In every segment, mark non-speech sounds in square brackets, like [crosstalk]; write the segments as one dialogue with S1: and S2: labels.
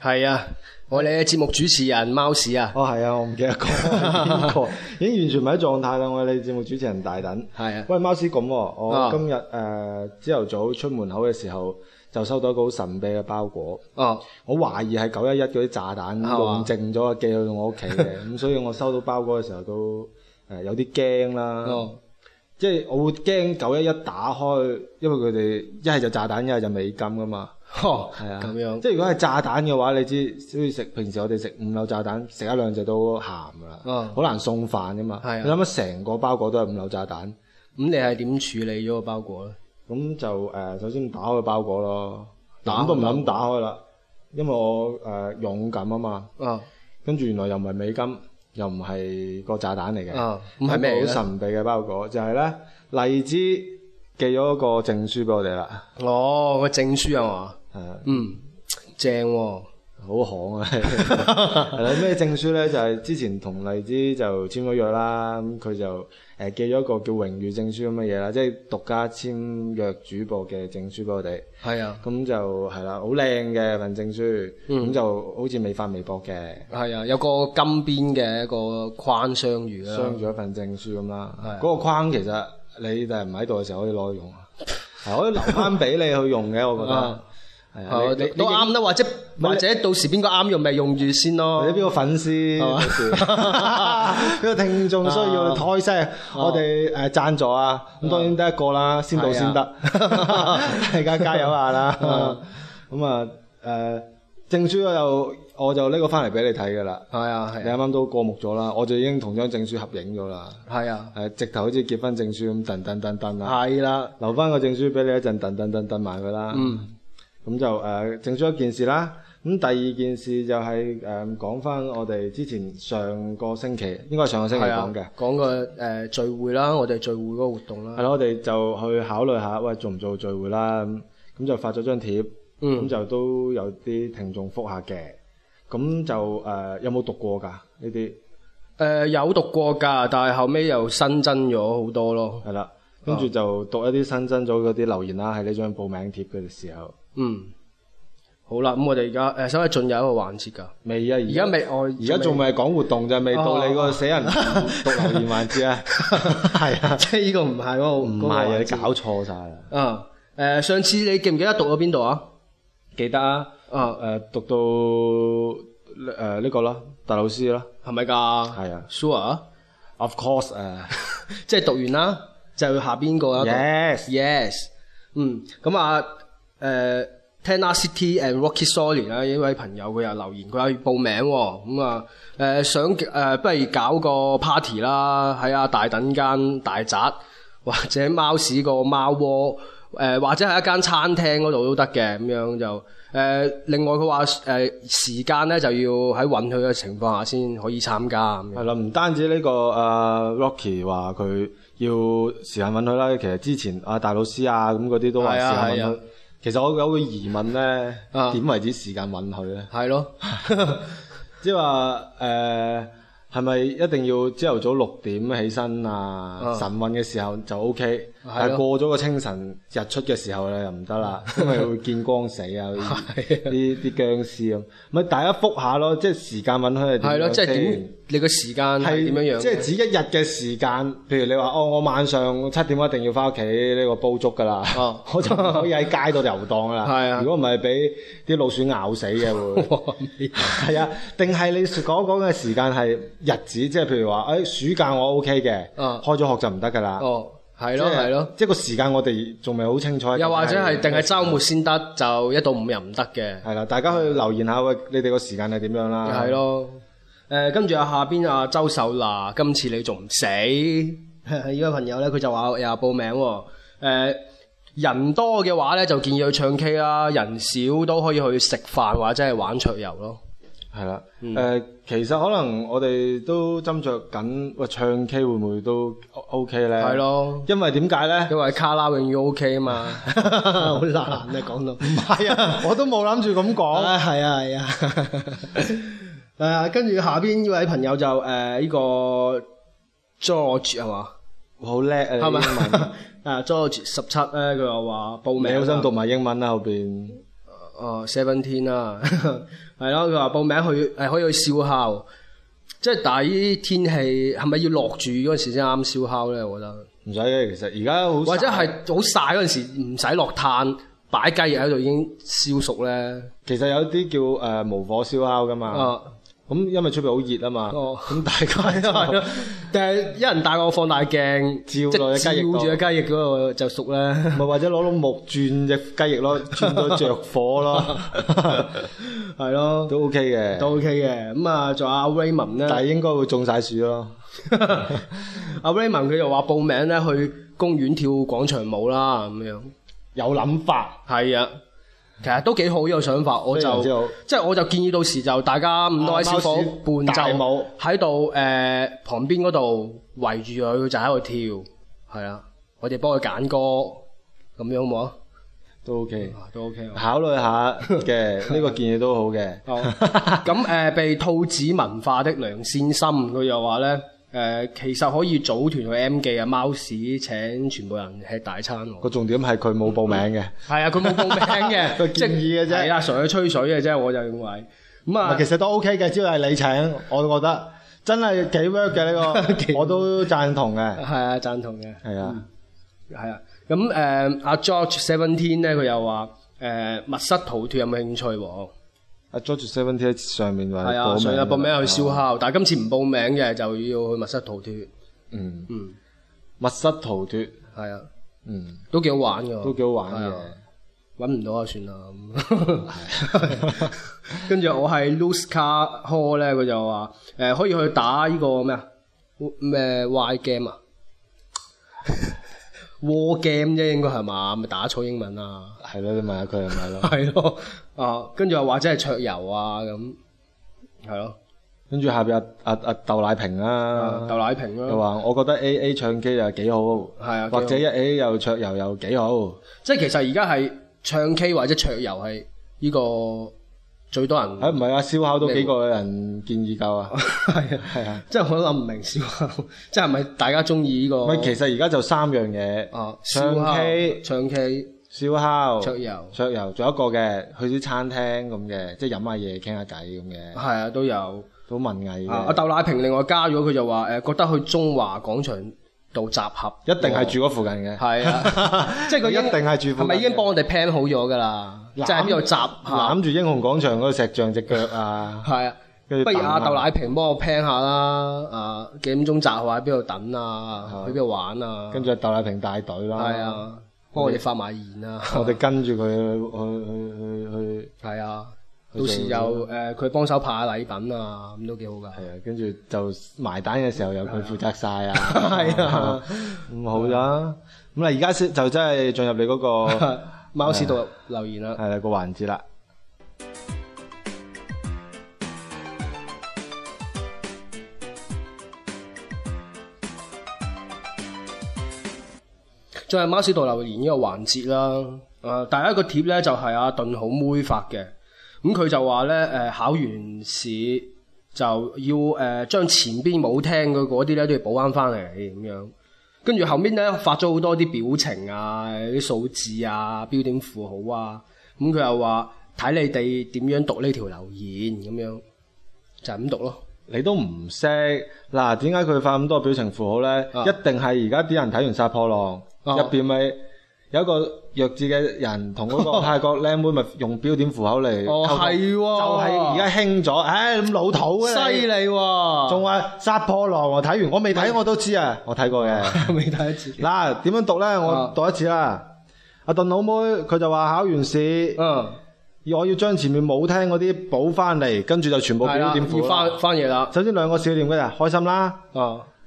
S1: 係啊，我哋嘅節目主持人貓屎啊。哦，係啊，我唔記得講，已經完全唔喺狀態啦。我哋你節目主持人大躉。係啊，喂，貓屎咁，我今日誒朝頭早出門口嘅時候就收到一個好神秘嘅包裹。哦，我懷疑係九一一嗰啲炸彈用剩咗，寄去我屋企嘅。咁所以我收到包裹嘅時候都誒有啲驚啦。即係我會驚九一一打開，因為佢哋一係就炸彈，一係就美金㗎嘛。哦，係啊，咁樣，即係如果係炸彈嘅話，你知，即係食平時我哋食五柳炸彈，食一兩隻都鹹噶啦，哦，好難送飯噶嘛，係啊，你諗下成個包裹都係五柳炸彈，咁你係點處理咗個包裹咧？咁就誒，首先打開個包裹咯，膽都唔諗打開啦，因為我誒勇敢啊嘛，啊，跟住原來又唔係美金，又唔係個炸彈嚟嘅，啊，唔係咩好神秘嘅包裹，就係咧，荔枝寄咗個證書俾我哋啦，哦，個證書係嘛？係啊，嗯，正喎，好行啊！係啦，咩證書咧？就係、是、之前同荔枝就簽咗約啦，咁佢就誒寄咗個叫榮譽證書咁嘅嘢啦，即係獨家簽約主播嘅證書俾我哋。係是啊，啊，咁就係啦，好靚嘅份證書，咁、嗯、就好似未發微博嘅。係啊，有個金邊嘅一個框鑲住啦，鑲咗一份證書咁啦。嗰、那個框其實你第日唔喺度嘅時候可以攞去用啊， [laughs] 可以留翻俾你去用嘅，我覺得。啊哦，都啱啦，或者或者到時邊個啱用咪用住先咯。或者邊個粉絲，呢個聽眾需要，我開聲。我哋誒贊助啊，咁當然得一個啦，先到先得。大家加油下啦。咁啊誒，證書我又我就呢個翻嚟俾你睇噶啦。係啊係。你啱啱都過目咗啦，我就已經同張證書合影咗啦。係啊，誒，直頭好似結婚證書咁，噔噔噔噔。係啦，留翻個證書俾你一陣，噔噔噔噔埋佢啦。嗯。咁就誒，整、呃、咗一件事啦。咁第二件事就係誒講翻我哋之前上個星期，應該係上個星期講嘅講個誒聚會啦。我哋聚會嗰個活動啦，係啦，我哋就去考慮下，喂做唔做聚會啦？咁就發咗張貼，咁、嗯、就都有啲聽眾覆下嘅。咁就誒、呃、有冇讀過㗎呢啲？誒有讀過㗎、呃，但係後尾又新增咗好多咯。係啦，跟住就讀一啲新增咗嗰啲留言啦。喺呢張報名貼嘅時候。嗯，好啦，咁我哋而家誒，稍進入一個環節噶，未啊？而家未，我而家仲未講活動就未到你個死人讀留言環節 [laughs] 啊，係、 [laughs] 那個那個、啊，即係呢個唔係喎，唔係啊，搞錯晒，啦，嗯，誒、呃，上次你記唔記得讀咗邊度啊？記得啊，嗯、啊，誒、呃，讀到誒呢、呃這個啦，大老師啦，係咪噶？係啊，sure，of course，誒、uh, [laughs] 即係讀完啦，就下邊一個，yes，yes，yes。嗯，咁、嗯、啊。嗯嗯嗯嗯嗯嗯誒、呃、Tenacity and Rocky Sorry 啦，呢位朋友佢又留言，佢要報名喎、哦。咁、嗯、啊，誒、呃、想誒、呃，不如搞個 party 啦，喺啊大等間大宅，或者貓屎個貓窩，誒、呃、或者係一間餐廳嗰度都得嘅。咁樣就誒、呃，另外佢話誒時間咧就要喺允許嘅情況下先可以參加。係啦，唔單止呢、這個誒、啊、Rocky 話佢要時間允許啦，其實之前啊，大老師啊咁嗰啲都話時間允其實我有個疑問咧，點、啊、為止時間允許咧？係咯，即係話誒，係、呃、咪一定要朝頭早六點起身啊？晨運嘅時候就 O、OK、K。係過咗個清晨日出嘅時候咧，又唔得啦，因為會見光死啊，啲啲 [laughs] 僵屍咁。咪大家覆下咯，即係時間搵開係點？係咯 [laughs] 是，即係點？你個時間係點樣樣？即係指一日嘅時間，譬如你話哦，我晚上七點一定要翻屋企呢個煲粥噶啦，啊、 [laughs] 我就可以喺街度遊蕩噶啦。係啊，如果唔係俾啲老鼠咬死嘅會，係 [laughs] 啊？定係你講講嘅時間係日子？即係譬如話，誒、哎，暑假我 O K 嘅，開咗學就唔得噶啦。啊啊啊係咯，係咯，即係個時間我哋仲未好清楚。又或者係定係周末先得，就一到五又唔得嘅。係啦，大家去留言下喂，你哋個時間係點樣啦？係咯，誒，跟住啊下邊啊周秀娜，今次你仲唔死？呢個朋友咧，佢就話又報名，誒，人多嘅話咧就建議去唱 K 啦，人少都可以去食飯或者係玩桌遊咯。係啦，誒、呃，其實可能我哋都斟酌緊，喂、呃，唱 K 會唔會都 O K 咧？係咯的，因為點解咧？因為卡拉永遠 O K 啊嘛，好 [laughs] 難你講到唔係啊， [laughs] 我都冇諗住咁講。係啊係啊，係、啊啊啊 [laughs] 啊、跟住下邊呢位朋友就誒呢、呃這個 George 係嘛，好叻啊，英文啊 George 十七咧，佢又話報名，好想讀埋英文啦後邊。哦，seventeen 啦，係咯、uh, 啊，佢 [laughs] 話報名去，誒可以去燒烤，即係但係啲天氣係咪要落住嗰時先啱燒烤咧？我覺得唔使嘅，其實而家好或者係好曬嗰陣時，唔使落炭，擺雞翼喺度已經燒熟咧。其實有啲叫誒、呃、無火燒烤噶嘛。Uh, 咁因為出邊好熱啊嘛，哦，咁大概，但係一人大個放大鏡照落隻雞翼，照住隻雞翼嗰個就熟啦，咪或者攞碌木轉隻雞翼咯， [laughs] 轉到着火咯，係 [laughs] 咯，都 OK 嘅，都 OK 嘅。咁啊，仲有阿 Raymond 咧，但係應該會中晒暑咯。阿 Raymond 佢又話報名咧去公園跳廣場舞啦，咁樣有諗法，係啊。 [laughs] 其實都幾好呢個想法，我就即係我就建議到時就大家、啊、五位小夥伴，就喺度誒，旁邊嗰度圍住佢就喺度跳，係啊，我哋幫佢揀歌咁樣好唔好？都 OK，都 OK，考慮下嘅呢個建議都好嘅。咁誒 [laughs] 好、 [laughs] 呃，被兔子文化的梁善心，心，佢又話咧。誒、呃，其實可以組團去 M 記啊，貓屎請全部人吃大餐。個重點係佢冇報名嘅。係啊，佢冇報名嘅，佢 [laughs] 建議嘅啫。係、就是、 [laughs] 啊，純粹吹水嘅啫，我就認為。咁、嗯、啊，其實都 OK 嘅，只要係你請， [laughs] 我都覺得真係幾 work 嘅呢個， [laughs] 我都贊同嘅。係 [laughs] 啊，贊同嘅。係啊，係、嗯、啊。咁誒，阿、啊、George Seventeen 咧，佢又話誒密室逃脫有冇興趣喎？阿捉住 Seven Days 上面話報名、啊，報名去燒烤，哦、但係今次唔報名嘅就要去密室逃脫。嗯嗯，嗯密室逃脫係啊，嗯都幾好玩噶，都幾好玩嘅，搵唔、啊嗯、到就算啦。跟住我係 Luska Hall 咧，佢就話誒、呃、可以去打呢個咩啊咩 Y Game 啊。War game 啫，應該係嘛？咪打草英文啊！係咯， [laughs] 你問下佢係咪咯？係咯， [laughs] 啊，跟住又或者係桌遊啊咁，係咯。跟住下邊阿阿阿豆奶瓶啊，啊豆奶瓶咯、啊，又話我覺得 A A 唱 K 又幾好，係啊的，或者 A A 又桌遊又幾好。即係其實而家係唱 K 或者桌遊係呢個。最多人？誒唔係啊，燒烤都幾個人建議夠啊？係啊係啊，即係我諗唔明燒烤，即係咪大家中意呢個？唔係，其實而家就三樣嘢。哦，唱 K、唱 K、燒烤、桌遊。桌遊，仲有一個嘅去啲餐廳咁嘅，即係飲下嘢傾下偈咁嘅。係啊，都有。都文藝嘅。阿豆奶瓶另外加咗，佢就話誒覺得去中華廣場到集合，一定係住嗰附近嘅，係啊，即係佢一定係住附近。係咪已經幫我哋 plan 好咗噶啦？即係喺呢度集，攬住英雄廣場嗰個石像隻腳啊！係啊，不如阿豆奶瓶幫我 plan 下啦，啊，幾點鐘集合？喺邊度等啊？去邊度玩啊？跟住阿豆奶瓶帶隊啦，係啊，幫我哋發埋言啊！我哋跟住佢去去去去去，係啊。到時就誒，佢、呃、幫手派下禮品啊，咁都幾好噶。係啊，跟住就埋單嘅時候，由佢負責晒啊。係 [laughs] 啊，咁好啦。咁啊，而家先就真係進入你嗰、那個 [laughs] 貓屎度留言啦。係、 [laughs] 啊、個環節啦，進入貓屎度留言呢個環節啦。啊，第一個貼咧就係阿頓好妹發嘅。咁佢、嗯、就話咧，誒、呃，考完試就要誒、將、呃、前邊冇聽嘅嗰啲咧都要補翻翻嚟咁樣。跟住後面咧發咗好多啲表情啊，啲數字啊，標點符號啊。咁佢又話睇你哋點樣讀呢條留言咁樣，就咁讀咯。你都唔識嗱？點解佢發咁多表情符號咧？啊、一定係而家啲人睇完殺浪《殺破狼》入邊咪。有一個弱智嘅人同嗰個泰國靚妹咪用標點符號嚟，係，就係而家興咗，唉咁老土嘅，犀利喎，仲話殺破狼，我睇完我未睇我都知啊，我睇過嘅，未睇一次。嗱，點樣讀呢？我讀一次啊！阿鄧老妹佢就話考完試，嗯，我要將前面冇聽嗰啲補翻嚟，跟住就全部標點符啦。翻翻嘢啦。首先兩個笑點嗰陣，開心啦，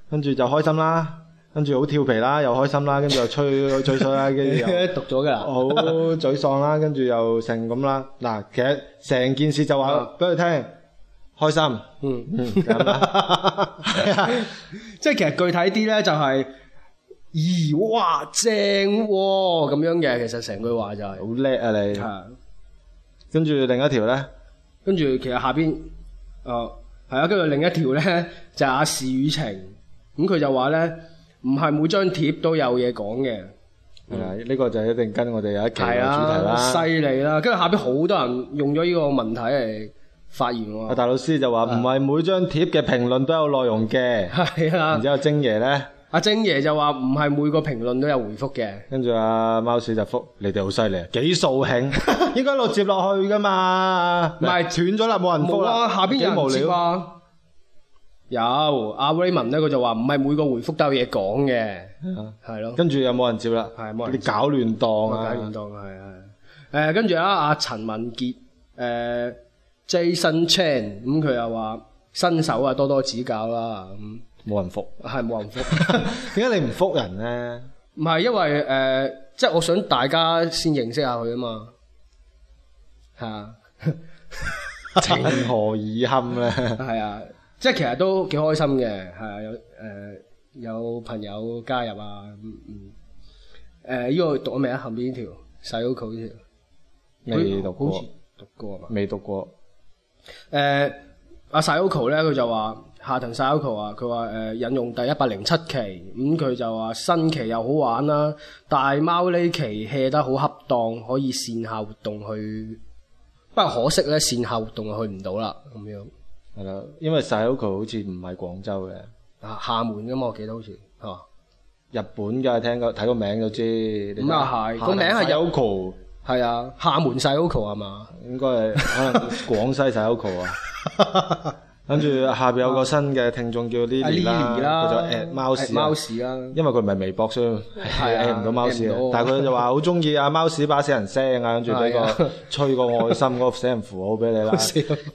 S1: 跟住就開心啦。跟住好調皮啦，又開心啦，跟住又吹哇 吹水啦，跟住讀咗噶好沮喪啦，跟住又成咁啦嗱。其實成件事就話俾佢聽開心，嗯嗯，即係其實具體啲咧就係、是、咦哇正咁、啊、樣嘅。其實成句話就係、是、好叻啊你！你係是、啊、跟住另一條咧，跟住其實下邊哦係啊，跟住另一條咧就係阿事雨晴咁，佢就話咧。唔係每張貼都有嘢講嘅，啊呢個就一定跟我哋有一期嘅主題啦，犀利啦！跟住下邊好多人用咗呢個問題嚟發言喎。阿大老師就話唔係每張貼嘅評論都有內容嘅，係啦。然之後晶爺咧，阿晶爺就話唔係每個評論都有回覆嘅。跟住阿貓屎就覆你哋好犀利，幾掃興，應該落接落去噶嘛，唔係斷咗啦，冇人覆啦，下邊人接啊。有阿 Raymond 咧，佢就話唔係每個回覆都有嘢講嘅，係是咯。跟住有冇人接啦？係冇人接，你搞亂檔啊，啊！搞亂檔，係啊。誒，跟住啊，阿陳文杰，誒、呃、，Jason Chan，咁佢又話新手啊，多多指教啦、啊。咁、嗯、冇人覆，係冇人覆、 [laughs] 啊。點解你唔覆人咧？唔係因為誒、呃，即係我想大家先認識下佢啊嘛。吓、啊， [laughs] 情何以堪咧？係 [laughs] [laughs] 啊。即係其實都幾開心嘅，係有誒、呃、有朋友加入啊，嗯誒呢、嗯呃這個讀咗未啊？後面呢條細 Oco 呢條未讀過，讀過啊嘛？未讀過。誒阿細 o c 咧，佢、呃、就話下藤細 o 啊，佢話誒引用第一百零七期，咁、嗯、佢就話新期又好玩啦、啊，大貓呢期 hea 得好恰當，可以線下活動去，不過可惜咧線下活動去唔到啦咁樣。係啦，因為細 Uko 好似唔係廣州嘅，啊，廈門嘅嘛，我記得好似，嚇、啊，日本嘅，聽過睇個名就知。唔係，個名係有 Uko 係啊，廈門細 Uko 係嘛？Oko，啊、oko，應該係，可能廣西細 Uko [laughs] 啊。 [laughs] 跟住下邊有個新嘅聽眾叫 Lily 啦，叫做 At 貓屎，因為佢唔係微博，所以係 At 唔到貓屎。但係佢就話好中意啊，貓屎把死人聲啊，跟住俾個吹個愛心嗰個死人符號俾你啦。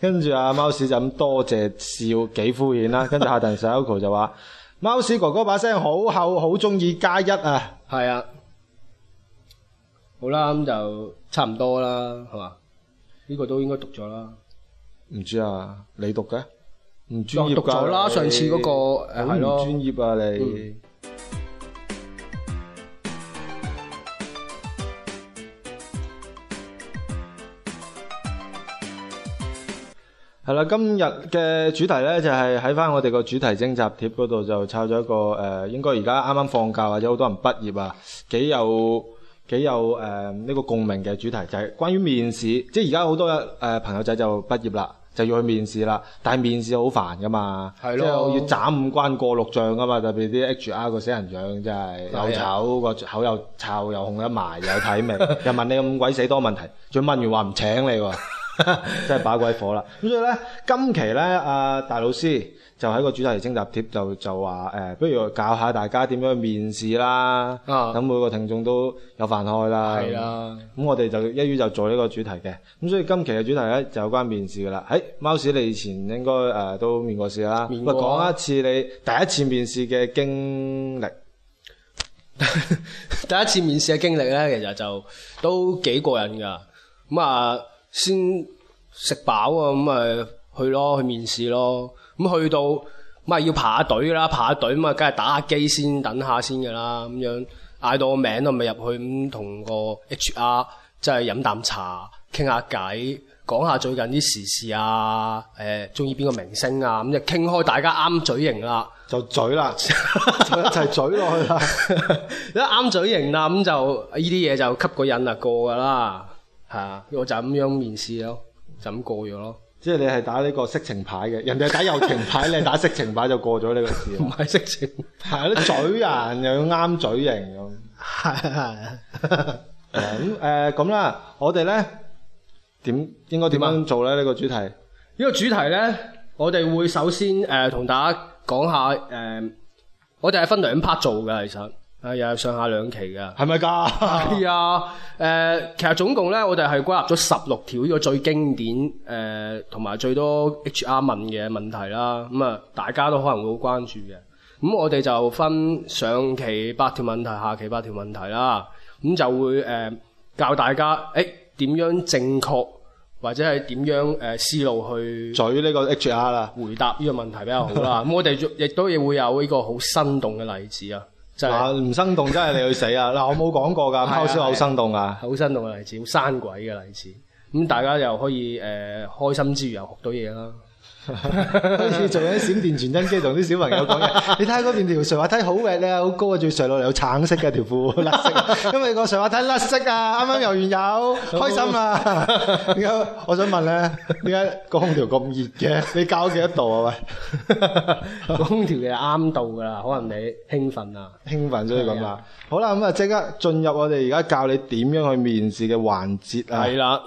S1: 跟住啊，貓屎就咁多謝笑幾敷衍啦。跟住下鄧 s i c l e 就話貓屎哥哥把聲好厚，好中意加一啊。係啊，好啦，咁就差唔多啦，係嘛？呢個都應該讀咗啦。唔知啊，你讀嘅？唔專業噶啦，你上次嗰、那個誒係咯，好專業啊你。係、 [noise] 嗯、啦，今日嘅主題咧就係喺翻我哋個主題徵集貼嗰度就抄咗一個誒、呃，應該而家啱啱放假或者好多人畢業啊，幾有幾有誒呢、呃這個共鳴嘅主題就係、是、關於面試，即係而家好多誒、呃、朋友仔就畢業啦。就要去面試啦，但係面試好煩噶嘛，的即係我要斬五關過六將噶嘛，特別啲 HR 個死人樣真係又的醜，個口又臭又紅一埋又睇唔明 [laughs] 又問你咁鬼死多問題，仲問完話唔請你喎， [laughs] 真係把鬼火啦。咁所以咧，今期咧，阿、啊、大老師。就喺個主題徵集貼就就話誒，不、呃、如教下大家點樣去面試啦。咁、啊、每個聽眾都有飯開啦。咁、啊、我哋就一於就做呢個主題嘅。咁所以今期嘅主題咧就有關面試嘅啦。喺、哎、貓史，你以前應該誒、呃、都面過試啦。咪講、啊、一次你第一次面試嘅經歷， [laughs] 第一次面試嘅經歷咧，其實就都幾過癮㗎。咁啊，先食飽啊，咁啊去，去咯，去面試咯。咁去到，咪要排下隊啦，排下隊咁啊，梗係打下機先等下先㗎啦，咁樣嗌到個名都咪入去，咁同個 HR 即係飲啖茶，傾下偈，講下最近啲時事啊，誒中意邊個明星啊，咁就傾開大家啱嘴型啦，就嘴啦，就一齊嘴落去啦，一啱嘴型啦，咁就呢啲嘢就吸個引啊過㗎啦，係我就咁樣面試咯，就咁過咗咯。 [laughs] 即係你係打呢個色情牌嘅，人哋係打友情牌， [laughs] 你打色情牌就過咗呢個字。唔係 [laughs] 色情，係 [laughs] 啲嘴啊，又要啱嘴型咁。係 [laughs] 係、 [laughs] 嗯。咁誒咁啦，我哋咧點應該點樣做咧？呢 [laughs] 個，個主題呢個主題咧，我哋會首先誒同、呃、大家講下誒、呃，我哋係分兩 part 做嘅，其實。係又係上下兩期噶，係咪噶？係 [laughs] 啊、哎，誒、呃，其實總共咧，我哋係歸納咗十六條呢個最經典誒，同、呃、埋最多 H R 問嘅問題啦。咁、嗯、啊，大家都可能會好關注嘅。咁、嗯、我哋就分上期八條問題，下期八條問題啦。咁、嗯、就會誒、呃、教大家誒點、哎、樣正確或者係點樣誒、呃、思路去懟呢個 H R 啦，回答呢個問題比較好啦。咁、 [laughs] 嗯、我哋亦都亦會有呢個好生動嘅例子啊。就係、是、唔、 [laughs] 啊、生動，真係你去死啊！嗱，我冇講過㗎，搞笑好生動㗎，好生動嘅例子，好生鬼嘅例子，咁、嗯、大家又可以誒、呃、開心之餘又學到嘢啦。好似做緊閃電傳真機，同啲小朋友講嘢。你睇下嗰邊條水滑梯好 rock 咧，好高啊！最上落嚟有橙色嘅條褲甩色，因為個水滑梯甩色啊！啱啱游完友，開心啊！點解？我想問咧，點解個空調咁熱嘅？你校咗幾多度啊？喂，個空調嘅啱度噶啦，可能你興奮啊，興奮所以咁啦。好啦，咁啊即刻進入我哋而家教你點樣去面試嘅環節啊。係啦。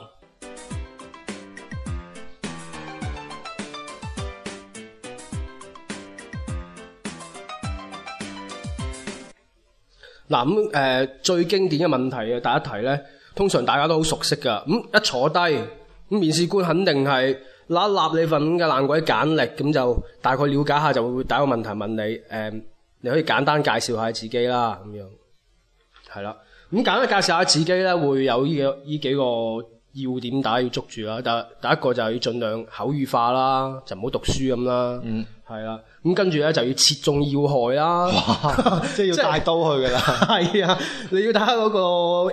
S1: 嗱咁、啊、最經典嘅問題啊，第一題呢，通常大家都好熟悉噶。咁、嗯、一坐低、嗯，面試官肯定係立立你份嘅爛鬼簡歷，咁、嗯、就大概了解一下，就會第一個問題問你。誒、嗯，你可以簡單介紹下自己啦，咁樣係啦。咁、嗯、簡單介紹下自己呢，會有呢個呢幾個要點，大家要捉住啦。第一，第一個就係要盡量口語化啦，就唔好讀書咁啦。嗯係啦，咁、啊、跟住咧就要切中要害啦，哇即係要帶刀去噶啦。係 [laughs] 啊，你要睇下嗰個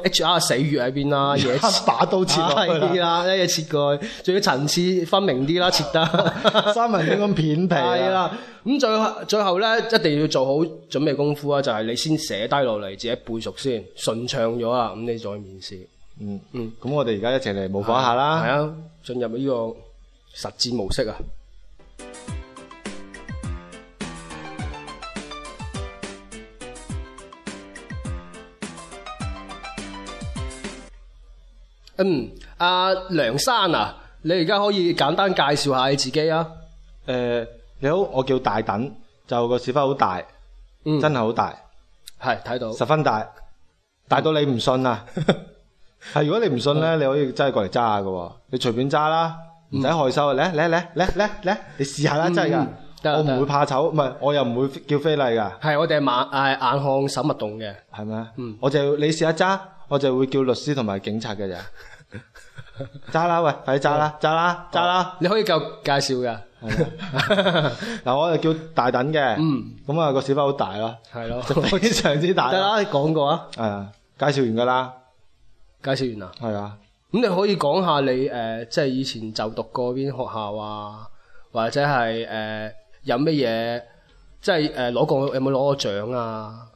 S1: HR 死穴喺邊啦，嘢 [laughs] 把刀切落去啦，一嘢、 [laughs] 啊、切過去，仲要層次分明啲啦，哇切得 [laughs] 三文魚咁片皮。係啦、啊，咁最後最後咧一定要做好準備功夫啊，就係、是、你先寫低落嚟，自己背熟先，順暢咗啊，咁你再面試。嗯嗯，咁、嗯、我哋而家一齊嚟模仿下啦，係啊，進、啊、入呢個實戰模式啊。嗯，阿梁生啊，你而家可以簡單介紹下你自己啊？誒，你好，我叫大躉，就個屎忽好大，嗯，真係好大，係睇到十分大，大到你唔信啊？係如果你唔信咧，你可以揸過嚟揸下噶，你隨便揸啦，唔使害羞啊，嚟嚟嚟嚟嚟嚟，你試下啦，揸噶，我唔會怕醜，唔係我又唔會叫非禮噶，係我哋係眼誒眼看手勿動嘅，係咪？嗯，我就你試下揸，我就會叫律師同埋警察嘅咋。揸啦，喂， [laughs] 係揸啦，揸啦，揸啦，你可以夠介紹嘅。嗱， [laughs] 我又叫大躉嘅，咁啊、嗯、個屎忽好大咯，係咯了，非常之大。得啦， [laughs] 講過啊，係啊，介紹完噶啦，介紹完啦，係啊，咁、嗯、你可以講下你誒、呃，即係以前就讀過邊學校啊，或者係誒、呃、有乜嘢，即係誒攞過有冇攞過獎啊？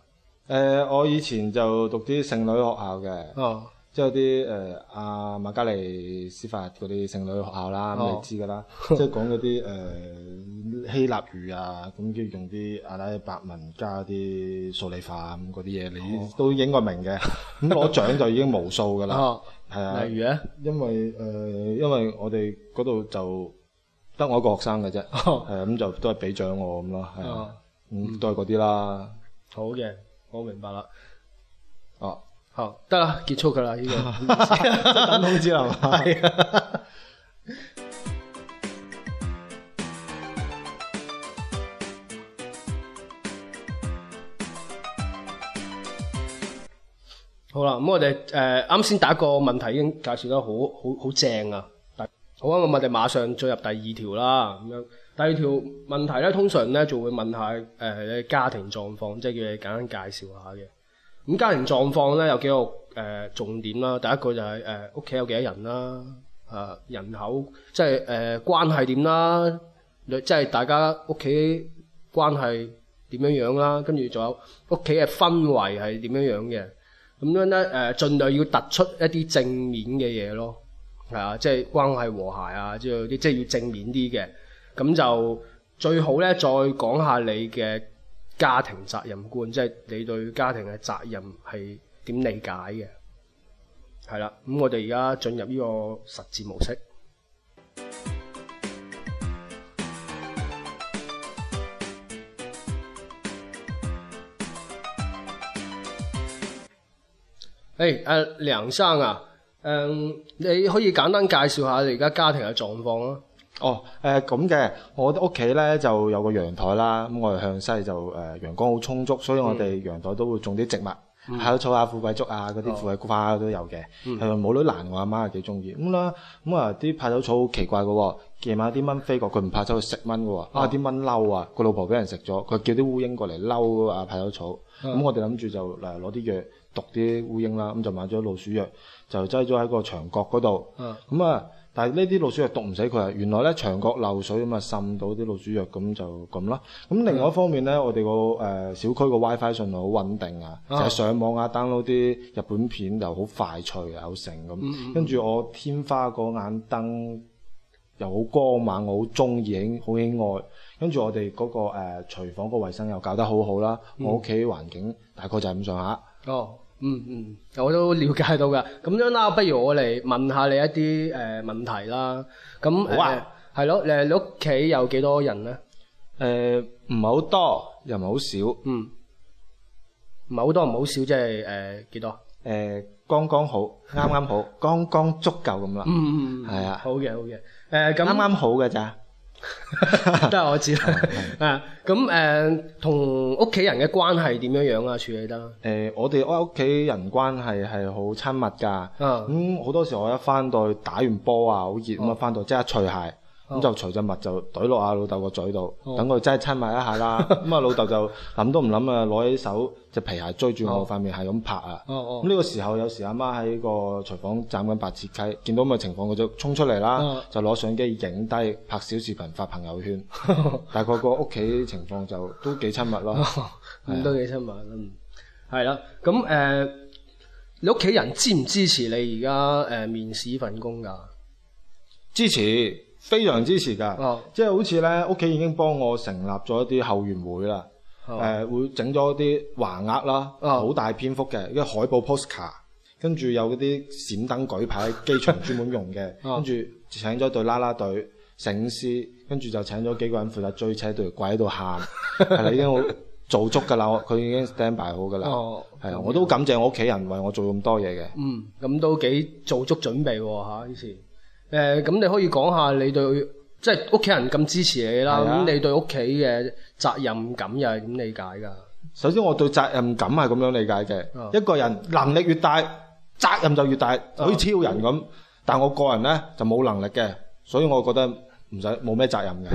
S1: 誒、呃，我以前就讀啲剩女學校嘅。哦。嗯即係啲誒阿瑪嘉麗司法嗰啲剩女學校啦，咁你知㗎啦。即係講嗰啲誒希臘語啊，咁兼用啲阿拉伯文加啲數理化嗰啲嘢，你都應該明嘅。咁攞獎就已經無數㗎啦。係啊。例如咧？因為誒，因為我哋嗰度就得我一個學生㗎啫。係咁就都係俾獎我咁咯。哦。咁都係嗰啲啦。好嘅，我明白啦。得啦、哦，結束噶啦呢個，通知啦。好啦，咁我哋誒啱先第一個問題已經介紹得好好好正啊。好啊，咁我哋馬上進入第二條啦。咁樣第二條問題咧，通常咧就會問下誒你、呃、家庭狀況，即係叫你簡單介紹下嘅。咁家庭狀況咧有幾個誒、呃、重點啦，第一個就係誒屋企有幾多人啦、啊，誒、呃、人口即係誒、呃、關係點啦，即係大家屋企關係點樣樣啦，跟住仲有屋企嘅氛圍係點樣樣嘅，咁樣咧誒，儘量要突出一啲正面嘅嘢咯，係啊，即係關係和諧啊，即係即係要正面啲嘅，咁就最好咧再講下你嘅，家庭責任觀，即係你對家庭嘅責任係點理解嘅？係啦，咁、嗯、我哋而家進入呢個實戰模式。誒，誒，梁生啊，誒、呃，你可以簡單介紹下你而家家庭嘅狀況啊？哦，誒咁嘅，我屋企咧就有個陽台啦，咁我哋向西就誒陽光好充足，所以我哋陽台都會種啲植物，爬草啊、富貴竹啊嗰啲富貴菊花都有嘅。係咪母女難？我阿媽係幾中意咁啦，咁啊啲拍手草好奇怪嘅喎，夜晚啲蚊飛過佢唔怕走去食蚊嘅喎，啊啲蚊嬲啊，個老婆俾人食咗，佢叫啲烏蠅過嚟嬲啊。拍手草，咁我哋諗住就誒攞啲藥毒啲烏蠅啦，咁就買咗老鼠藥，就擠咗喺個牆角嗰度，咁啊。但係呢啲老鼠藥毒唔死佢啊！原來咧牆角漏水啊嘛，滲到啲老鼠藥，咁就咁啦。咁另外一方面咧，嗯、我哋個誒小區個 WiFi 信號好穩定啊，就係上網啊，download 啲日本片又好快又脆啊，好成咁。嗯嗯嗯、跟住我天花嗰眼燈又好光猛，我好中意，好喜愛。跟住我哋嗰、那個誒、呃、廚房個衞生又搞得好好啦。嗯嗯、我屋企環境大概就係咁上下。哦。嗯嗯，我都了解到㗎。咁樣啦，不如我嚟問下你一啲誒問題啦。咁好啊，係咯。誒，你屋企有幾多人咧？誒，唔係好多，又唔係好少。嗯，唔係好多，唔係好少，即係誒幾多？誒，剛剛好，啱啱好，剛剛足夠咁啦。嗯嗯嗯，係啊。好嘅好嘅，誒咁啱啱好㗎咋。 [laughs] 都係我知啦， [laughs] 啊，咁是誒，同屋企人嘅關係點樣樣啊？處理得誒、呃，我哋我屋企人關係係好親密噶，咁好、啊嗯、多時我一翻到去打完波啊，好熱咁啊，翻到即刻除鞋。咁就隨隻襪就懟落阿老豆個嘴度，等佢真係親埋一下啦。咁啊，老豆就諗都唔諗啊，攞起手隻皮鞋追住我塊面，係咁拍啊。咁呢個時候有時阿媽喺個廚房斬緊白切雞，見到咁嘅情況，佢就衝出嚟啦，就攞相機影低拍小視頻發朋友圈。大概個屋企情況就都幾親密咯，都幾親密。嗯，係啦。咁誒，你屋企人支唔支持你而家誒面試份工㗎？支持。非常支持㗎，即係好似咧屋企已經幫我成立咗一啲後援會啦，誒會整咗一啲橫額啦，好大篇幅嘅，因為海報 postcard，跟住有嗰啲閃燈舉牌喺機場專門用嘅，跟住請咗對啦啦隊醒獅，跟住就請咗幾個人負責追車隊跪喺度喊，係啦已經好做足㗎啦，佢已經 standby 好㗎啦，係啊我都感謝我屋企人為我做咁多嘢嘅，嗯咁都幾做足準備喎嚇，依誒，咁、嗯、你可以講下你對即係屋企人咁支持你啦。咁的你對屋企嘅責任感又係咁理解噶？首先，我對責任感係咁樣理解嘅。嗯、一個人能力越大，責任就越大，好似超人咁。嗯、但我個人咧就冇能力嘅，所以我覺得唔使冇咩責任嘅。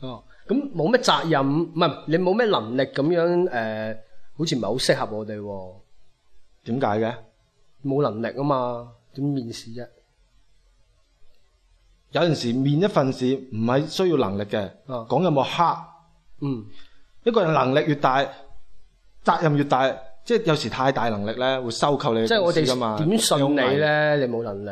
S1: 哦、 [laughs] 嗯，咁冇咩責任，唔係你冇咩能力咁樣誒、呃，好似唔係好適合我哋喎、啊。點解嘅？冇能力啊嘛，點面試啫？有陣時面一份事唔係需要能力嘅，講、啊、有冇黑？嗯，一個人能力越大，責任越大，即係有時太大能力咧，會收購你公司噶嘛？即係我哋點信你咧？你冇能力。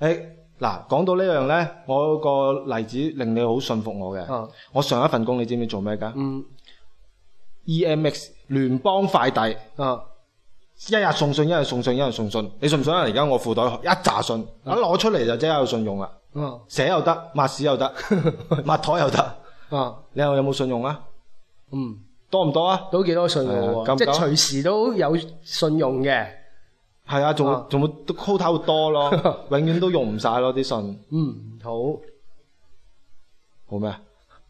S1: 誒嗱、欸，講到呢樣咧，我個例子令你好信服我嘅。啊、我上一份工你知唔知做咩噶？嗯，EMX 聯邦快遞。嗯、啊，一日送信，一日送信，一日送，送信。你信唔信啊？而家我褲袋一扎信，嗯、一攞出嚟就即刻有信用啦。.嗯，寫又得，抹屎又得，抹台又得。 [laughs] 啊，你又有冇信、嗯啊、信用啊？嗯，多唔多啊？都幾多信用嘅，即係隨時都有信用嘅。係啊，仲會仲會 quota 會多，多咯，永遠都用唔晒咯啲信。嗯，好，好咩嗎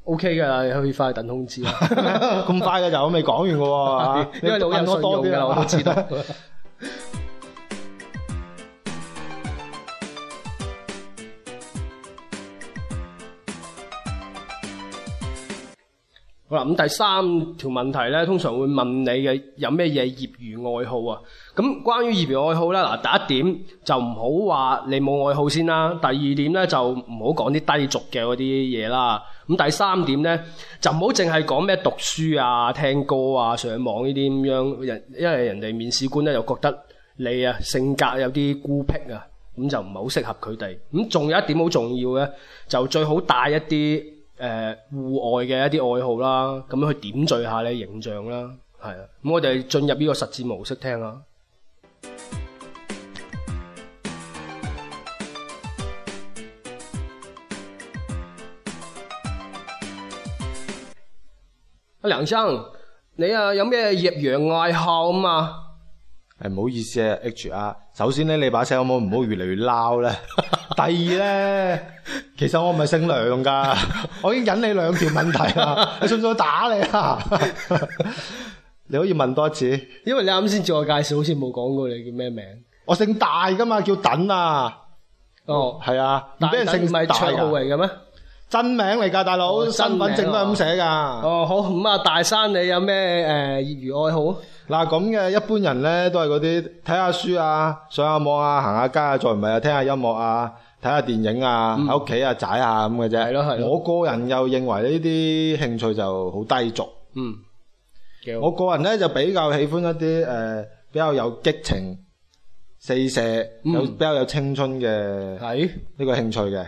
S1: ？OK 嘅啦，你可以等 [laughs] [laughs] 快等通知。咁快嘅就我未講完嘅、啊，你 [laughs] 因為老人信用嘅我都知道。 [laughs] 好啦，咁第三條問題咧，通常會問你嘅有咩嘢業餘愛好啊？咁關於業餘愛好咧，嗱第一點就唔好話你冇愛好先啦。第二點咧就唔好講啲低俗嘅嗰啲嘢啦。咁第三點咧就唔好淨係講咩讀書啊、聽歌啊、上網呢啲咁樣人，因為人哋面試官咧又覺得你啊性格有啲孤僻啊，咁就唔係好適合佢哋。咁仲有一點好重要嘅，就最好帶一啲，誒戶外嘅一啲愛好啦，咁樣去點綴下你嘅形象啦，係啊。咁我哋進入呢個實戰模式，聽下。阿梁生，你啊有咩業餘愛好啊嘛？係唔好意思啊，H R。HR，首先咧，你把聲可唔可唔好，好越嚟越撈咧、啊？第二咧，其實我唔係姓梁噶， [laughs] 我已經忍你兩條問題啦，你信信我順手打你啦、啊。 [laughs] 你可以問多次，因為你啱先自我介紹，好似冇講過你叫咩名。我姓大噶嘛，叫躉啊。哦，係、嗯、啊，俾但 人姓唔係大號嚟嘅咩？真名嚟噶，大佬、哦，身份證都係咁寫噶。哦，好，咁、嗯、啊，大山，你有咩誒業餘愛好？嗱，咁嘅一般人咧，都係嗰啲睇下書啊、上下網啊、行下街啊、再唔係啊、聽下音樂啊、睇下電影啊、喺屋企啊、仔啊咁嘅啫。係咯係。我個人又認為呢啲興趣就好低俗。嗯。我個人咧就比較喜歡一啲誒比較有激情、四射、有比較有青春嘅呢個興趣嘅，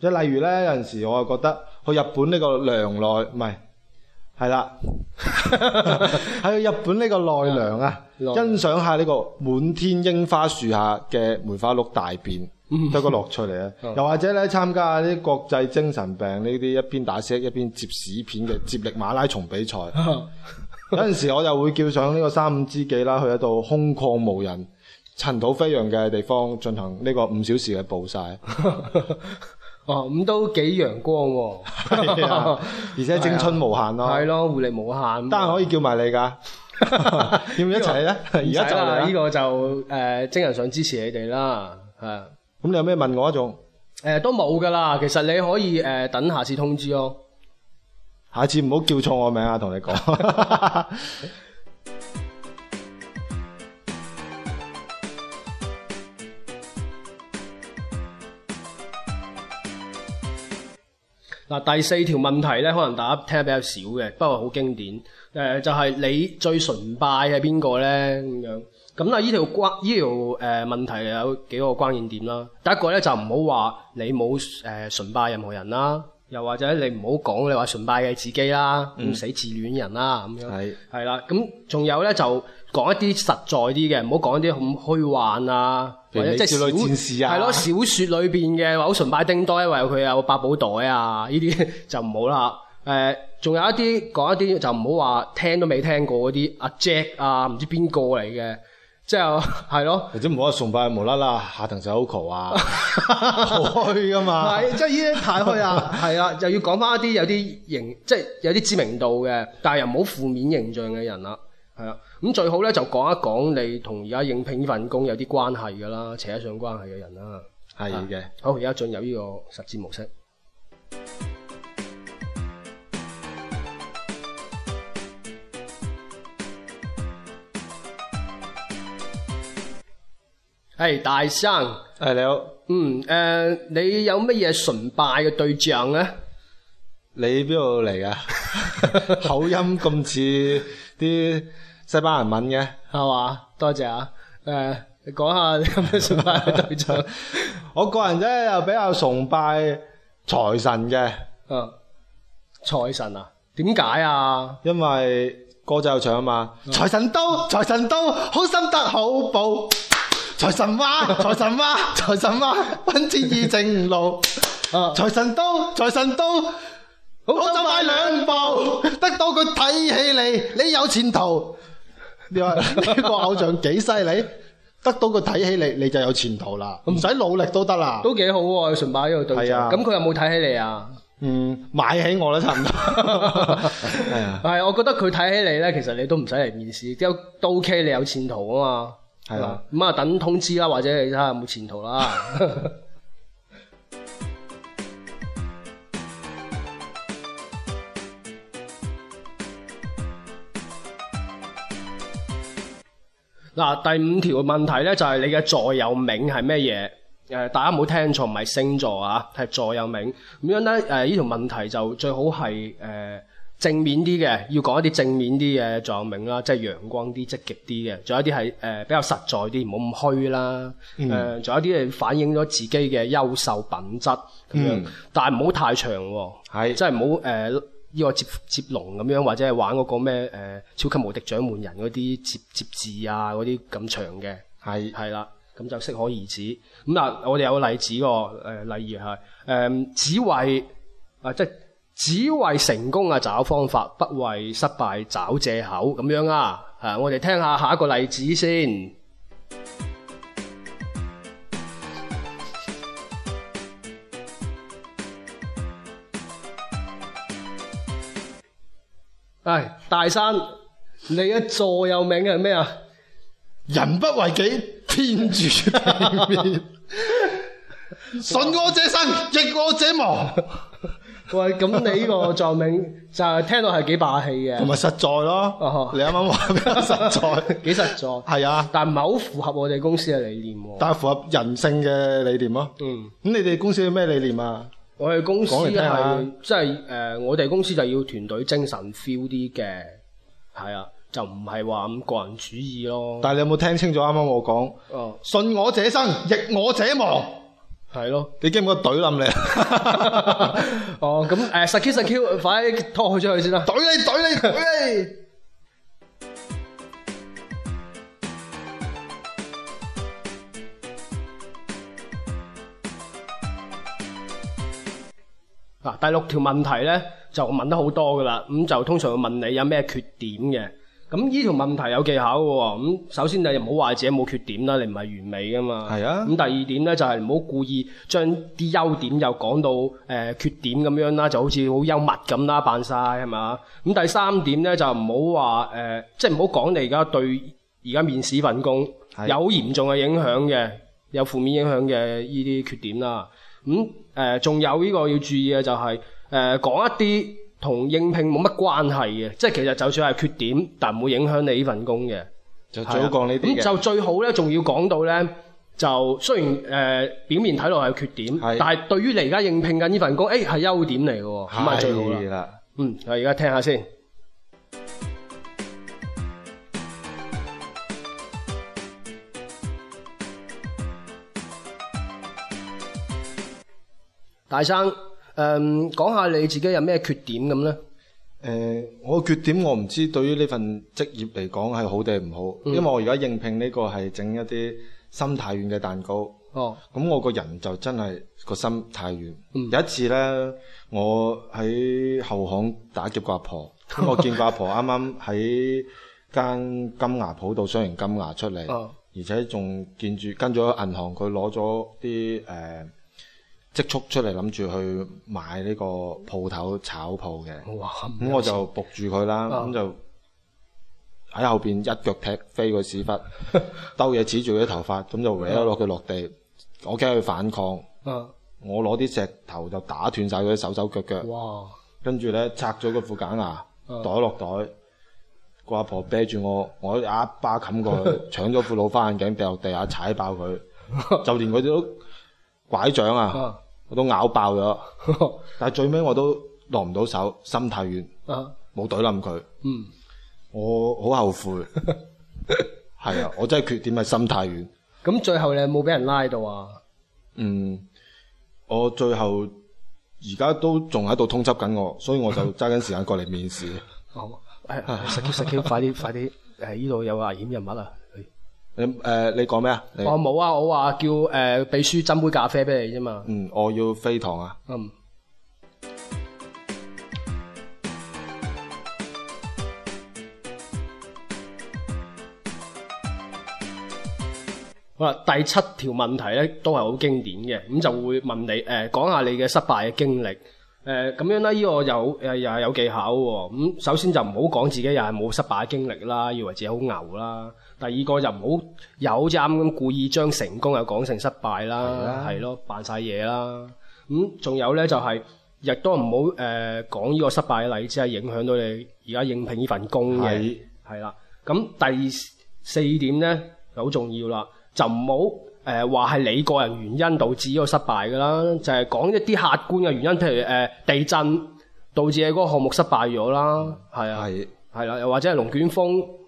S1: 即係例如咧有陣時我又覺得去日本呢個娘內唔係。係啦，喺 [laughs] 日本呢個奈良啊，涼欣賞下呢個滿天櫻花樹下嘅梅花鹿大便，都係個樂趣嚟啊。 [laughs] 又或者咧，參加啲國際精神病呢啲一邊打車一邊接屎片嘅接力馬拉松比賽。 [laughs] 有陣時，我又會叫上呢個三五知己啦，去一度空曠無人、塵土飛揚嘅地方進行呢個五小時嘅暴曬。 [laughs] 哦，咁都幾陽光、啊，啊、 [laughs] 而且青春無限咯、啊，係咯活力無限、啊，但係可以叫埋你噶，叫埋一齊咧，而家 [laughs] 就呢個就誒，精、呃、人想支持你哋啦，係、啊，咁你有咩問我一仲誒、呃、都冇噶啦，其實你可以誒、呃、等下次通知咯，下次唔好叫錯我名啊，同你講。 [laughs] 第四條問題可能大家聽得比較少嘅，不過好經典。呃、就係、是、你最崇拜係邊個呢？咁樣？咁嗱，呢條、呃、問題有幾個關鍵點啦。第一個咧就唔好話你冇誒、呃、崇拜任何人啦。又或者你唔好講你話崇拜嘅自己啦，唔、嗯、死自戀人啦咁、嗯、樣，係啦咁，仲有咧就講一啲實在啲嘅，唔好講一啲咁虛幻啊，啊或者，即係少女戰士啊，係咯，小説裏邊嘅話好崇拜叮當，因為佢有百寶袋啊，呢啲就唔好啦。誒、呃，仲有一啲講一啲就唔好話聽都未聽過嗰啲阿 Jack 啊，唔知邊個嚟嘅。即係，係咯， [music] 或者冇阿崇拜無啦啦，下騰就好嘈啊，開噶嘛， [laughs] 即係呢啲太虛啊，係 [laughs] 啊，又要講翻一啲有啲形，即係有啲知名度嘅，但係又唔好負面形象嘅人啦，係啊，咁最的 [laughs] 好咧就講一講你同而家應聘呢份工有啲關係噶啦，扯得上關係嘅人啦，係嘅，好，而家進入呢個實戰模式。係、hey, 大生，係、hey, 你好。嗯，誒、呃，你有乜嘢崇拜嘅對象咧？你邊度嚟噶？ [laughs] 口音咁似啲西班牙文嘅，係嘛、 [laughs] 啊？多謝啊！誒、呃，你講下有咩崇拜嘅對象？ [laughs] [laughs] 我個人咧又比較崇拜財神嘅。嗯，財神啊？點解啊？因為歌仔有唱啊嘛。財、嗯、神都，財神都，好心得好報。財神媽，財神媽，財神媽，穩字二字路。財神都，財神都，好走快兩步，得到佢睇起你，你有前途。你話你個偶像幾犀利？ [laughs] 得到佢睇起你，你就有前途啦，唔使努力都得啦。都幾好，純白呢個對象。咁佢、啊、有冇睇起你啊？嗯，買起我都差唔多。 [laughs] 係 [laughs] 是、啊， [laughs] 我覺得佢睇起你咧，其實你都唔使嚟面試，都 OK，你，你有前途啊嘛。係啦，咁啊，等通知啦，或者你睇下冇前途啦。嗱， [laughs] 第五條問題咧就係、是、你嘅座右銘係咩嘢？誒、呃，大家唔好聽錯，唔係星座啊，係座右銘。咁樣咧，誒、呃，呢條問題就最好係誒。呃正面啲嘅，要講一啲正面啲嘅座右啦，即係陽光啲、積極啲嘅，仲有啲係誒比較實在啲，唔好咁虛啦。誒，仲有啲係反映咗自己嘅優秀品質咁樣，嗯、但係唔好太長喎、哦，是的 即真係唔好誒呢個接接龍咁樣，或者係玩嗰個咩誒《超級無敵掌門人》嗰啲接接字啊嗰啲咁長嘅，係係啦，咁就適可而止。咁嗱，我哋有個例子個例如係誒智慧啊，即係。只為成功啊找方法，不為失敗找借口，咁樣啊，誒、啊，我哋聽下下一個例子先。誒、哎，大山，你嘅座右銘係咩啊？ [laughs] 人不為己，天誅地滅。順 [laughs] 我者生，逆我者亡。 [laughs] 喂，咁你呢個座名就係聽到係幾霸氣嘅，同埋實在咯。你啱啱話咩？實在，幾實在。係啊，但唔係好符合我哋公司嘅理念。但係符合人性嘅理念咯。嗯，咁你哋公司有咩理念啊？我哋公司係即係誒，我哋公司就要團隊精神 feel 啲嘅。係啊，就唔係話咁個人主義咯。但係你有冇聽清楚啱啱我講？哦，信我者生，逆我者亡。係咯，你驚唔驚懟冧你啊？哦，咁誒，實 Q 實 Q，快啲拖佢出去先啦！懟你，懟你，懟你！嗱，第六條問題咧就問得好多噶啦，咁就通常會問你有咩缺點嘅。咁呢條問題有技巧嘅喎，咁首先你唔好話自己冇缺點啦，你唔係完美嘅嘛。係啊的。咁第二點咧就係唔好故意將啲優點又講到誒、呃、缺點咁樣啦，就好似好幽默咁啦，扮晒係嘛？咁第三點咧就唔好話誒，即係唔好講你而家對而家面試份工有好嚴重嘅影響嘅，的有負面影響嘅依啲缺點啦。咁誒仲有呢個要注意嘅就係誒講一啲，同應聘冇乜關係嘅，即係其實就算係缺點，但唔會影響你呢份工嘅。就最好講呢啲嘅。咁就最好咧，仲要講到咧，就雖然誒、呃、表面睇落係缺點，的但係對於你而家應聘緊呢份工，誒、哎、係優點嚟嘅，咁係的最好啦。嗯，我而家聽下先， [music] 大生。誒，um, 講下你自己有咩缺點咁呢？誒、呃，我缺點我唔知，對於呢份職業嚟講係好定係唔好，嗯、因為我而家應聘呢個係整一啲心太軟嘅蛋糕。哦，咁、嗯、我個人就真係個心太軟。嗯、有一次呢，我喺後巷打劫個阿婆，咁、嗯、我見個阿婆啱啱喺間金牙鋪度鑲完金牙出嚟，嗯、而且仲見住跟咗銀行，佢攞咗啲誒。呃積蓄出嚟諗住去買呢個鋪頭炒鋪嘅，咁我就撲住佢啦，咁就喺後邊一腳踢飛個屎忽，兜嘢指住佢啲頭髮，咁就搲咗落佢落地，我驚佢反抗，我攞啲石頭就打斷晒佢啲手手腳腳，跟住咧拆咗個副假牙，袋落袋，個阿婆啤住我，我一巴冚過去搶咗副老花眼鏡，掉地下踩爆佢，就連佢都拐杖啊，我都咬爆咗，但係最尾我都落唔到手，心太軟，冇懟冧佢，嗯，我好後悔，係啊，我真係缺點係心太軟。咁最後你有冇俾人拉到啊？嗯，我最後而家都仲喺度通緝緊我，所以我就揸緊時間過嚟面試。好，係實招實招，快啲快啲，誒呢度有危險人物啊！你誒，你講咩、哦、啊？我冇啊，我話叫誒秘書斟杯咖啡俾你啫嘛。嗯，我要飛糖啊。嗯。好啦、嗯，第七條問題咧，都係好經典嘅，咁就會問你誒，講、呃、下你嘅失敗嘅經歷。誒、呃，咁樣咧，呢、這個有誒又係有技巧喎、啊。咁首先就唔好講自己又係冇失敗嘅經歷啦，以為自己好牛啦。第二個就唔好有啲咁故意將成功又講成失敗啦，係咯、啊，扮晒嘢啦。咁仲、嗯、有咧就係亦都唔好誒講呢個失敗嘅例子，係影響到你而家應聘呢份工嘅。係啦的。咁、嗯、第四點咧就好重要啦，就唔好誒話係你個人原因導致呢個失敗噶啦，就係、是、講一啲客觀嘅原因，譬如誒、呃、地震導致你嗰個項目失敗咗啦。係啊的，係的。係啦，又或者係龍捲風。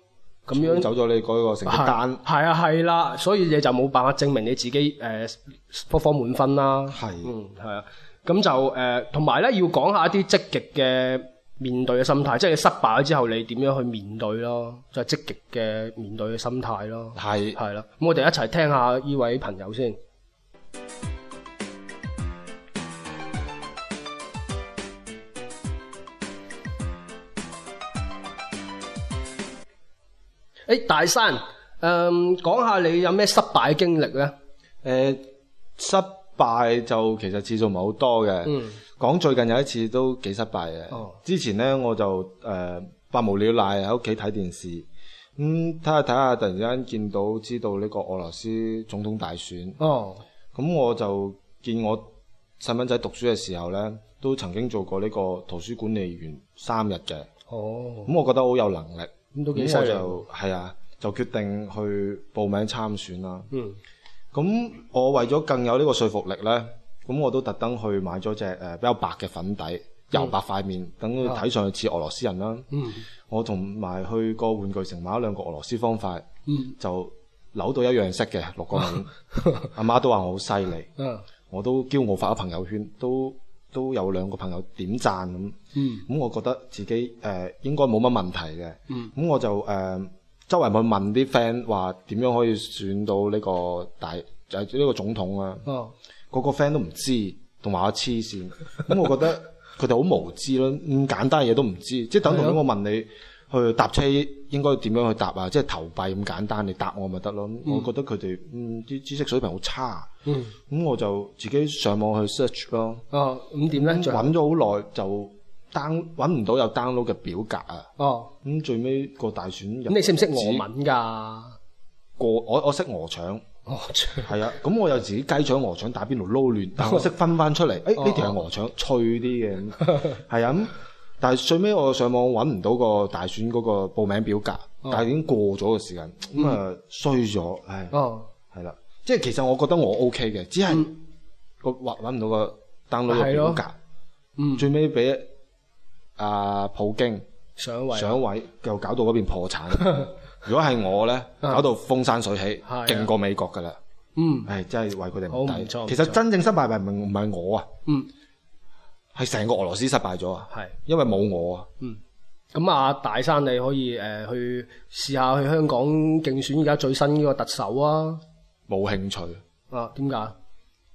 S1: 咁樣走咗你嗰個成單，係啊係啦、啊啊啊，所以你就冇辦法證明你自己誒科科滿分啦。係，嗯係啊，咁、嗯啊、就誒同埋咧，要講下一啲積極嘅面對嘅心態，即、就、係、是、你失敗咗之後你點樣去面對咯，就係、是、積極嘅面對嘅心態咯。係、啊，係啦、啊，咁我哋一齊聽下呢位朋友先。誒，大山，誒、嗯，講下你有咩失敗嘅經歷咧？誒、呃，失敗就其實次數唔係好多嘅。嗯。講最近有一次都幾失敗嘅。哦。之前咧我就誒、呃、百無聊賴喺屋企睇電視，咁睇下睇下，突然之間見到知道呢個俄羅斯總統大選。哦。咁我就見我細蚊仔讀書嘅時候咧，都曾經做過呢個圖書管理員三日嘅。哦。咁我覺得好有能力。咁到幾就係啊，就決定去報名參選啦。嗯，咁我為咗更有呢個說服力咧，咁我都特登去買咗隻誒比較白嘅粉底，油白塊面，等佢睇上去似俄羅斯人啦。嗯，我同埋去個玩具城買咗兩個俄羅斯方塊，嗯，就扭到一樣色嘅六個面，阿 [laughs] 媽都話我好犀利。嗯，我都驕傲發咗朋友圈，都。都有兩個朋友點讚咁，咁、嗯、我覺得自己誒、呃、應該冇乜問題嘅，咁、嗯、我就誒、呃、周圍去問啲 friend 話點樣可以選到呢個大就係呢個總統啊，哦、個個 friend 都唔知，同埋我黐線，咁、嗯、我覺得佢哋好無知咯。咁 [laughs] 簡單嘢都唔知，即、就、係、是、等同我問你。嗯去搭車應該點樣去搭啊？即係投幣咁簡單，你答我咪得咯。嗯、我覺得佢哋嗯啲知識水平好差。嗯，嗯，咁我就自己上網去 search 咯。哦，咁點咧？就揾咗好耐就 down 揾唔到有 download 嘅表格啊。哦，咁最尾個大選咁、嗯、你識唔識俄文㗎？個我我，我識鵝腸。鵝腸、哦。係啊，咁、嗯、我有自己雞腸鵝腸打邊爐撈亂，但、哦、 [laughs] 我識分翻出嚟。誒呢條係鵝腸，脆啲嘅。係啊。但係最尾我上網揾唔到個大選嗰個報名表格，但係已經過咗個時間，咁啊衰咗，係，係啦，即係其實我覺得我 O K 嘅，只係個揾揾唔到個登錄嘅表格，最尾俾阿普京上位，上位又搞到嗰邊破產。如果係我咧，搞到風生水起，勁過美國㗎啦，係真係為佢哋唔抵。其實真正失敗唔係唔係我啊。係成個俄羅斯失敗咗啊！係是，因為冇我啊。嗯，咁啊，大山你可以誒去試下去香港競選而家最新呢個特首啊。冇興趣啊？點解？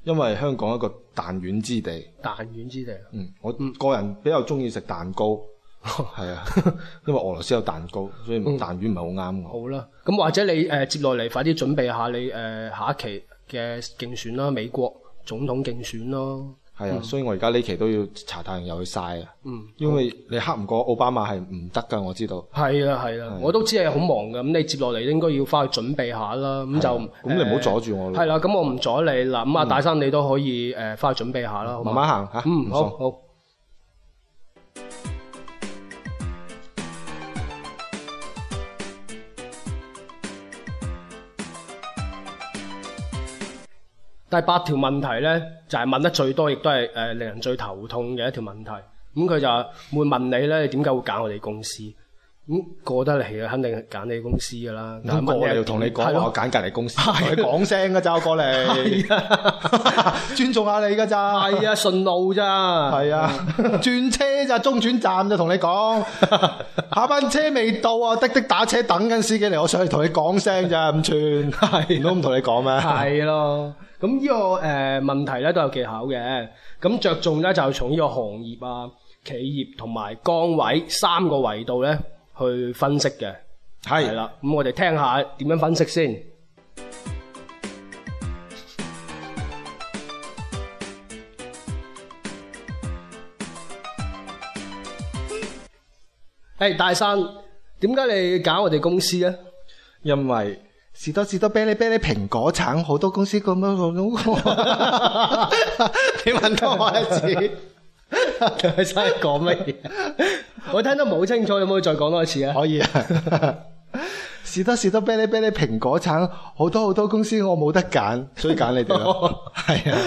S1: 因為香港一個彈丸之地。彈丸之地，嗯，我個人比較中意食蛋糕，係啊、嗯， [laughs] [laughs] 因為俄羅斯有蛋糕，所以彈丸唔係好啱我。嗯、好啦，咁或者你誒、呃、接落嚟快啲準備下你誒、呃、下一期嘅競選啦，美國總統競選囉。係啊，嗯、所以我而家呢期都要查太陽油去曬啊。嗯，因為你黑唔過奧巴馬係唔得噶，我知道。係啊，係啊，的我都知你好忙噶。咁你接落嚟應該要翻去準備下啦。咁的就咁，呃、你唔好阻住我咯。係啦，咁我唔阻你嗱。咁阿大生你都可以誒翻去準備下啦。慢慢行嚇，啊、嗯，好。好好第八條問題呢，就係問得最多，亦都係誒令人最頭痛嘅一條問題。咁佢就會問你咧，你點解會揀我哋公司？咁過得嚟啊，肯定係揀你公司噶啦。咁過嚟要同你講，我揀隔籬公司。同你講聲噶咋，過嚟尊重下你噶咋。係啊，順路咋。係啊，轉車就中轉站就同你講。下班車未到啊，滴滴打車等緊司機嚟，我上去同你講聲咋，咁串？係唔通唔同你講咩？係咯。咁呢、這個誒、呃、問題咧都有技巧嘅，咁着重咧就從呢個行業啊、企業同埋崗位三個維度咧去分析嘅，係啦的。咁我哋聽下點樣分析先。誒、hey,，大生，點解你搞我哋公司咧？因為。士多士多啤梨啤梨蘋果橙，好多公司咁樣講，你 [laughs] 問多我一次，佢 [laughs] 真係講乜嘢？ [laughs] 我聽得唔係好清楚，有冇可以再講多次啊？可以啊。 [laughs] 士多士多，啤梨啤梨，蘋果橙，好多好多公司，我冇得揀，所以揀你哋咯。係 [laughs] 啊，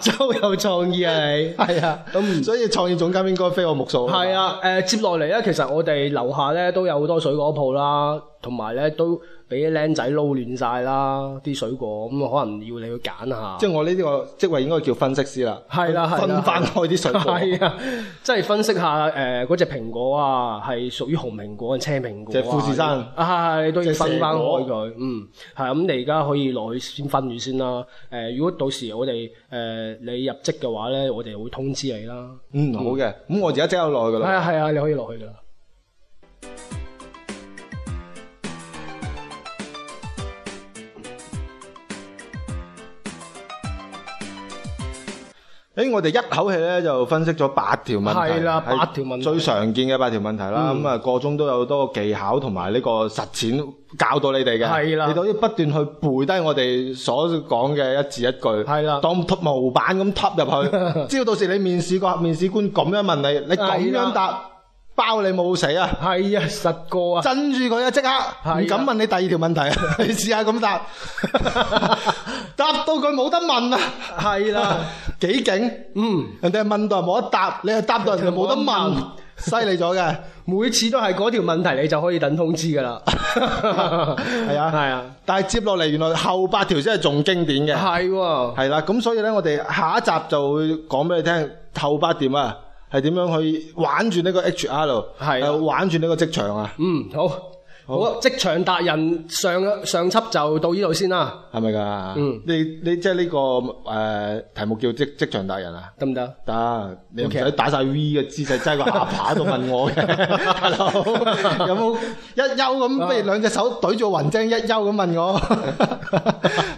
S1: 咁 [laughs] [laughs] 有創意啊你！你係啊，咁不所以創意總監應該非我莫屬。係啊，誒吧、呃、接落嚟咧，其實我哋樓下咧都有好多水果鋪啦，同埋咧都。俾啲僆仔撈亂晒啦，啲水果咁、嗯、可能要你去揀下。即係我呢啲個職位應該叫分析師啦，係啦係，分翻開啲水果，即係、就是、分析下誒嗰隻蘋果啊，係屬於紅蘋果定青蘋果，啊？即富士山。係係、你、都要分翻開佢，嗯，係咁你而家可以落去先分完先啦。誒，如果到時我哋誒、呃、你入職嘅話咧，我哋會通知你啦。嗯，對好嘅，咁我而家即刻落去噶啦。係啊係啊，你可以落去噶啦。誒、欸，我哋一口氣咧就分析咗八條問題，係啦，八條問題最常見嘅八條問題啦，咁啊、嗯嗯、個中都有好多技巧同埋呢個實踐教到你哋嘅，係啦了，你都要不斷去背低我哋所講嘅一字一句，係啦了，當模板咁撻入去，只要 [laughs] 到時你面試過面試官咁樣問你，你咁樣答。了包你冇死啊！係啊，實過啊！震住佢啊，即刻唔敢問你第二條問題啊！你試下咁答，答到佢冇得問啊！係啦，幾勁，嗯，人哋問到人冇得答，你就答到人冇得問，犀利咗嘅。每次都係嗰條問題，你就可以等通知噶啦。係啊，係啊。但係接落嚟，原來後八條先係仲經典嘅。係係啦，咁所以咧，我哋下一集就會講俾你聽後八點啊。係點樣去玩住呢個 HR？係，玩住呢個職場啊？嗯，好，好，職場達人上上輯就到呢度先啦。係咪噶？嗯，你你即係呢個誒題目叫職職場達人啊？得唔得？得，你唔使打晒 V 嘅姿勢，即係話趴喺度問我嘅。大佬有冇一休咁，不如兩隻手懟住雲漿一休咁問我？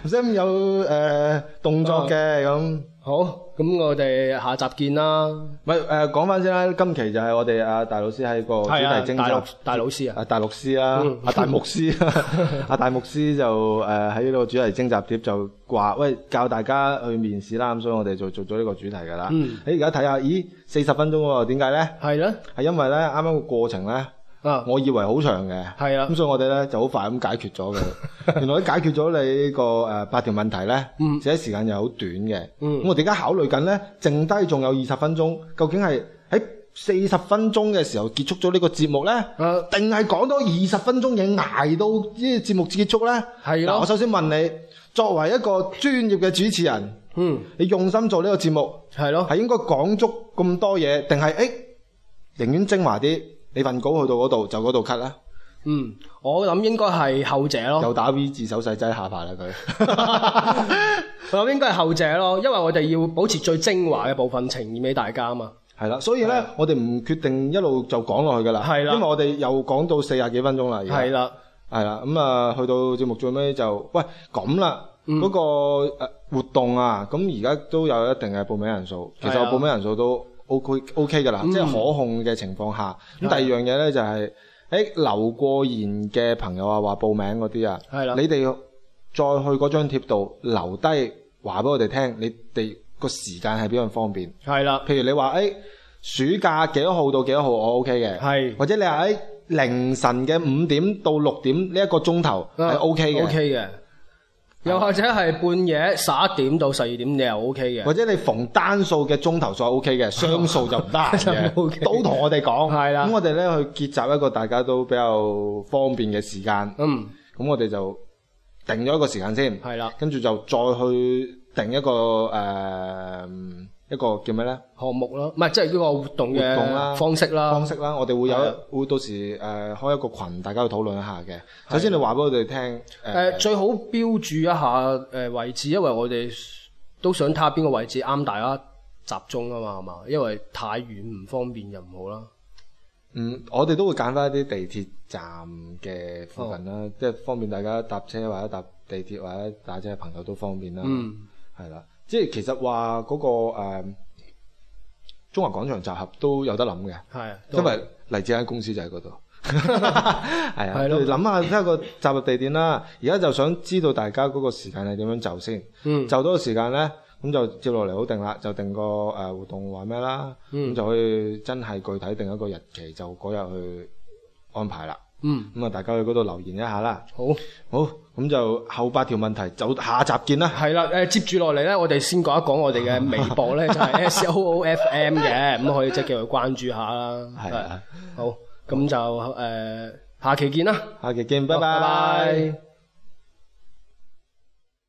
S1: 唔使有誒動作嘅咁。好，咁我哋下集見啦。唔係誒，講翻先啦。今期就係我哋阿大老師喺個主題徵集、啊大啊，大老師啊，大律師啦，阿、啊、大牧師，阿、 [laughs] 啊、大牧師就誒喺呢個主題徵集貼就掛，喂教大家去面試啦。咁所以我哋就做咗呢個主題噶啦。嗯。誒，而家睇下，咦，四十分鐘喎？點解咧？係咧呢，係因為咧，啱啱個過程咧。啊！我以為好長嘅，係啊，咁所以我哋咧就好快咁解決咗嘅。 [laughs] 原來解決咗你、呢個誒八、呃、條問題咧，而且、嗯、時間又好短嘅。咁、嗯、我哋而家考慮緊咧，剩低仲有二十分鐘，究竟係喺四十分鐘嘅時候結束咗呢個節目咧，定係、啊、講多二十分鐘，仍挨到呢個節目結束咧？係的。嗱，我首先問你，作為一個專業嘅主持人，嗯，你用心做呢個節目，係咯的，係應該講足咁多嘢，定係誒，誒寧願精華啲？你份稿去到嗰度就嗰度 cut 啦。嗯，我諗應該係後者咯。又打 V 字手勢擠喺下巴啦佢。 [laughs] [laughs] 我諗應該係後者咯，因為我哋要保持最精華嘅部分呈現俾大家啊嘛。係啦，所以咧的我哋唔決定一路就講落去噶啦。係啦的，因為我哋又講到四廿幾分鐘啦。係啦，係啦的，咁啊、嗯、去到節目最尾就喂咁啦，嗰、嗯、個誒活動啊，咁而家都有一定嘅報名人數，其實我報名人數都。O K O K 噶啦，即係可控嘅情況下。咁第二樣嘢咧就係，誒留過言嘅朋友啊，話報名嗰啲啊，係啦，你哋再去嗰張貼度留低話俾我哋聽，你哋個時間係邊樣方便？係啦，譬如你話誒暑假幾多號到幾多號我 O K 嘅，係，或者你話喺凌晨嘅五點到六點呢一個鐘頭係 O K 嘅。又或者係半夜十一點到十二點，你又 O K 嘅。或者你逢單數嘅鐘頭數係 O K 嘅，雙數 [laughs] 就唔得嘅。 [laughs] 都同我哋講，係啦咁的我哋咧去結集一個大家都比較方便嘅時間。嗯，咁我哋就定咗一個時間先。係啦的，跟住就再去定一個誒。呃一個叫咩咧？項目咯，唔係即係呢個活動嘅方式啦。啊、方式啦、啊啊，我哋會有是的 會到時誒、呃、開一個群大家去討論一下嘅。是的 首先你話俾我哋聽誒，呃呃、最好標注一下誒位置，因為我哋都想睇下邊個位置啱大家集中啊嘛，係嘛？因為太遠唔方便又唔好啦、啊。嗯，我哋都會揀返一啲地鐵站嘅附近啦、啊，哦、即係方便大家搭車或者搭地鐵或者打車嘅朋友都方便啦。嗯，係啦。即係其實話嗰個、呃、中華廣場集合都有得諗嘅，係，因為嚟自間公司就喺嗰度，係啊，諗下一個集合地點啦。而家就想知道大家嗰個時間係點樣就先，嗯，就多個時間咧，咁就接落嚟好定啦，就定個誒、呃、活動話咩啦，咁、嗯、就可以真係具體定一個日期，就嗰日去安排啦。嗯，咁啊，大家去嗰度留言一下啦。好，好，咁就後八條問題，就下集見啦。係啦，誒、呃，接住落嚟咧，我哋先講一講我哋嘅微博咧， [laughs] 就係 S O O F M 嘅，咁 [laughs] 可以即係叫佢關注下啦。係的，的好，咁就誒好、呃，下期見啦，下期見，拜拜。Bye bye。